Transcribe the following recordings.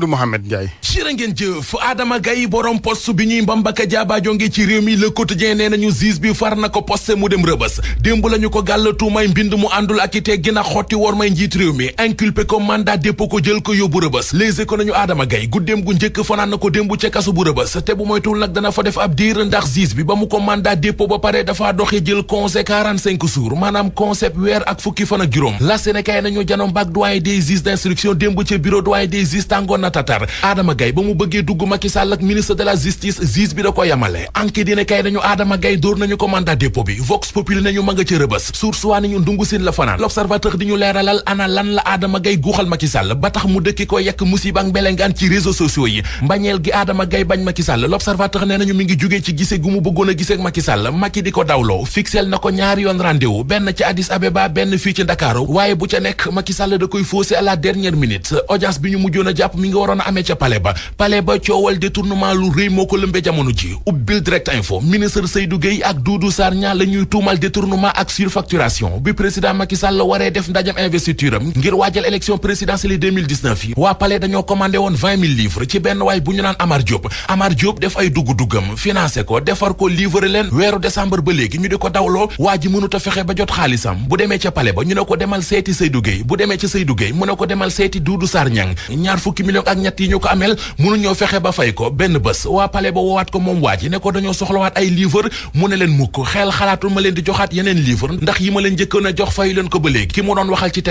Mamadou Mohamed Ndiaye cirë ngeen jëf Adama Gaye borom poste bi ñuy mbambaka jaabaajonge ci réew mi Le Quotidien nee nañu zis bi far na ko poste mu dem rëbës démb la ko gàll tuumay mbind mu àndul ak ite gën a xotti war may njiit réew mi inculpé ko mandat dépôt ko jël ko yóbbu rëbës Les Échos nañu Adama Gaye guddéem gu njëkk fanaan na ko démb ca kasu bu rëbës te bu moytuwul nag dana fa def ab diir ndax zis bi ba mu ko mandat dépôt ba pare dafa doxee jël tatatar Adama Gaye ba mu bëggee dugg Macky ak ministre de la justice justice bi da ko yemale enquête dina kay nañu Adama Gaye dóor nañu ko mandat dépôt bi Vox Populi nañu ma nga ca rëbës source waa nañu ndungu sin la fanaan l'observateur di ñu leeralal ana lan la Adama Gaye guuxal Macky ba tax mu dëkki ko yekk musiba ak mbelengaan ci réseaux sociaux yi mbañeel gi Adama Gaye bañ Macky Sall l'observateur nañu mi ngi jugee ci gise gu mu bëggoon a a nga waroon a amee ca palais ba palais ba coowal détournement lu rëy ak Doudou Sarr ñaar la ñuy tuumal détournement ak surfacturation bi président Macky Sall ngir waajal élection présidentielle 2019 yi waa palais dañoo commandé woon 20 000 livres ci benn waay bu ñu naan Amar Diop Amar Diop def ay dugg-duggam financé ko defar ko livrer leen weeru décembre ba léegi ñu di ko dawloo waa ji mënut a fexe ba jot xaalisam bu demee ca palais ba ñu ne ko demal seeti say Guèye bu demee ca Seydou Guèye mu ne ko demal seeti Doudou Sarr ñang ñaar fukki million fukk ak ñett yi ñu ko ameel mënuñoo fexe ba fay ko benn bés ne ko ma leen di joxaat a jox fayu leen ko ba léegi ki mu doon waxal ci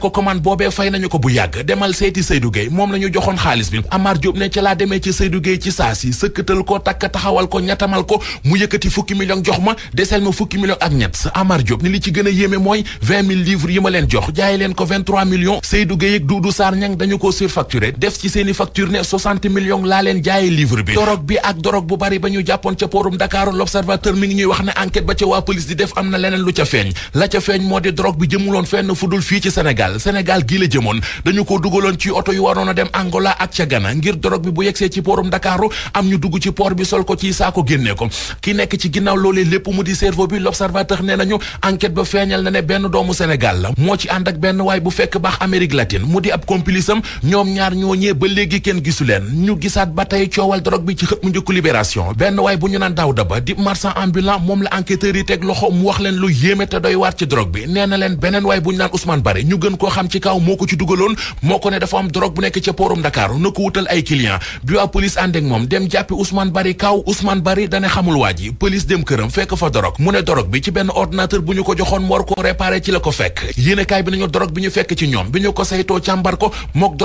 ko commande boobee fay nañu ko bu yàgg demal seeti Seydou Gueye moom la ñu joxoon xaalis bi Amar Diop ne ci laa demee ci Seydou ci saa si sëkkatal ko takk taxawal ko ñettamal ko mu yëkkati fukki million jox ma desel ma fukki million ak ñett Amar Diop ni li ci gën a yéeme mooy vingt mille livres yi ma leen jox jaay leen ko vingt-trois millions Seydou Gueye ak Doudou dañu ko surfacturé def ci seeni facture ne 60 millions laa leen jaaye livre bi dorog bi ak dorog bu bari ba ñu jàppoon ca poorum Dakar l'observateur mi ngi ñuy wax ne enquête ba ca waa police di def am na leneen lu ca feeñ la ca feeñ moo di dorog bi jëmuloon fenn fu dul fii ci Sénégal senegal gii la jëmoon dañu ko dugaloon ci oto yu waroon a dem Angola ak ca Ghana ngir dorog bi bu yegsee ci poorum Dakaaru am ñu dugg ci poor bi sol ko ci saako génnee ko ki nekk ci ginnaaw loolee lépp di bi l'observateur nee nañu enquête ba feeñal na ne benn doomu Sénégal la moo ci ànd ak waay bu fekk baax Amérique latine mu di ab complice am ñoom ñooñee ba léegi kenn gisu leen ñu gisaat ba tey coowal drogue bi ci xët mu njëkku libération benn waay bu ñu naan daaw daba di marchand ambulant moom la enquêteurs yi teg loxo mu wax leen lu yéeme te doy waar ci drogue bi bu ñu koo xam ci kaw moo ko ci dugaloon moo ko ne dafa am drogue bu nekk ca poorum Dakar na ko wutal ay client bi waa police ànd ak moom dem jàppi Ousmane Bare kaw Ousmane Bare dane xamul waa ji police dem këram fekk fa drogue mu ne drogue bi ci benn ordinateur bu ñu ko joxoon mu war ko réparé ci la ko fekk yéene kaay bi nañu ko saytoo càmbar ko mook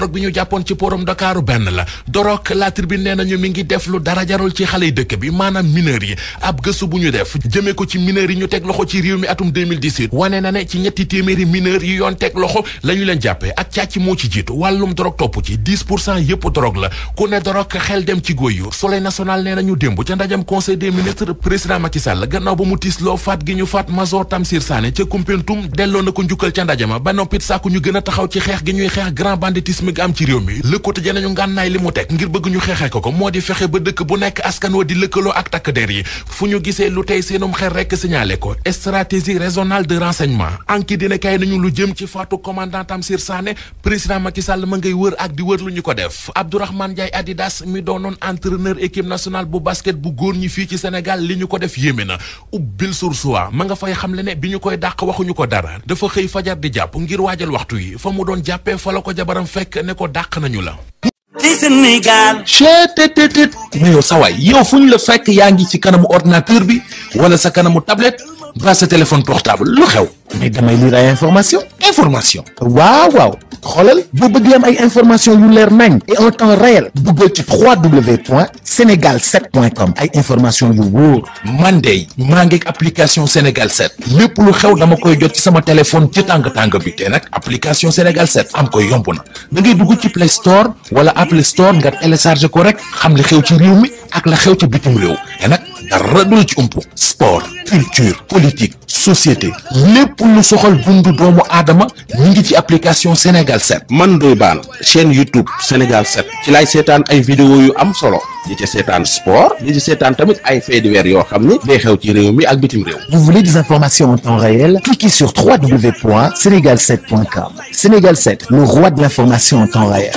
aéroportum Ndakaaru benn la dorog la tribune nee nañu ngi def lu dara jarul ci xale yi dëkk bi maanaam mineurs yi ab gëstu bu ñu def jëmee ko ci mineurs yi ñu teg loxo ci réew mi atum 2018 wane na ne ci ñetti téeméeri mineurs yi yoon teg loxo ñu leen jàppee ak càcc ci jiitu wàllum dorog topp ci 10 pour cent yëpp dorog la ku ne dorog xel dem ci góoy yu soleil national nee nañu démb ca ndajam conseil des ministres président Macky Sall gannaaw ba mu tiisloo faat gi ñu faat Mazor Tamsir Sané ca Koumpentoum delloo na ko njukkal ca ndajama ba noppit sàkku ñu gën a taxaw ci xeex gi ñuy xeex grand banditisme gi am ci réew mi le quotidien nañu ngànnaay li mu teg ngir bëgg ñu xeexee ko ko moo di fexe ba dëkk bu nekk askan wa di lëkkaloo ak takk der yi fu ñu gisee lu tey seenum xel rekk signalé ko stratégie régionale de renseignement anki dina kay nañu lu jëm ci faatu commandant Tamsir Sané président Macky Sall ma ngay wër ak di wër lu ñu ko def Abdourahmane Ndiaye Adidas mi doonoon entraîneur équipe nationale bu basket bu góor ñi fii ci Sénégal li ñu ko def yéeme na ubbil sursuwa ma nga fa xam ne bi ñu koy dàq waxuñu ko dara dafa xëy fajar di jàpp ngir waajal waxtu yi fa mu doon jàppee fa ko jabaram fekk ne ko dàq nañu jàmm la. ci Sénégal. chetetetet mais yow sa waay yow fu ñu la fekk yaa ngi ci kanamu ordinateur bi wala sa kanamu tablette ba sa téléphone portable lu xew. mais damay lire ay information information waaw waaw xoolal boo bëgg am ay information yu leer nañ et en temps réel duggal ci 3w point sénégal 7 point ay information yu wóor man de maa ngi application sénégal 7 lépp lu xew dama koy jot ci sama téléphone ci tàng tàng bi te nag application sénégal 7 am ko yomb na da ngay dugg ci play store wala apple store nga télécharge ko rek xam li xew ci réew mi ak la xew ci bitim réew te nag dara du la ci umpu sport culture politique société lépp lu soxal dundu doomu aadama ñu ngi ci application Sénégal 7 man dooy Bane chaîne YouTube Sénégal set ci laay seetaan ay vidéo yu am solo di ci seetaan sport di ci seetaan tamit ay faits divers yoo xam ni day xew ci réew mi ak bitim réew. Vous voulez des informations en temps réel? Cliquez sur wwwsenegal Sénégal set le roi de l'information en temps réel.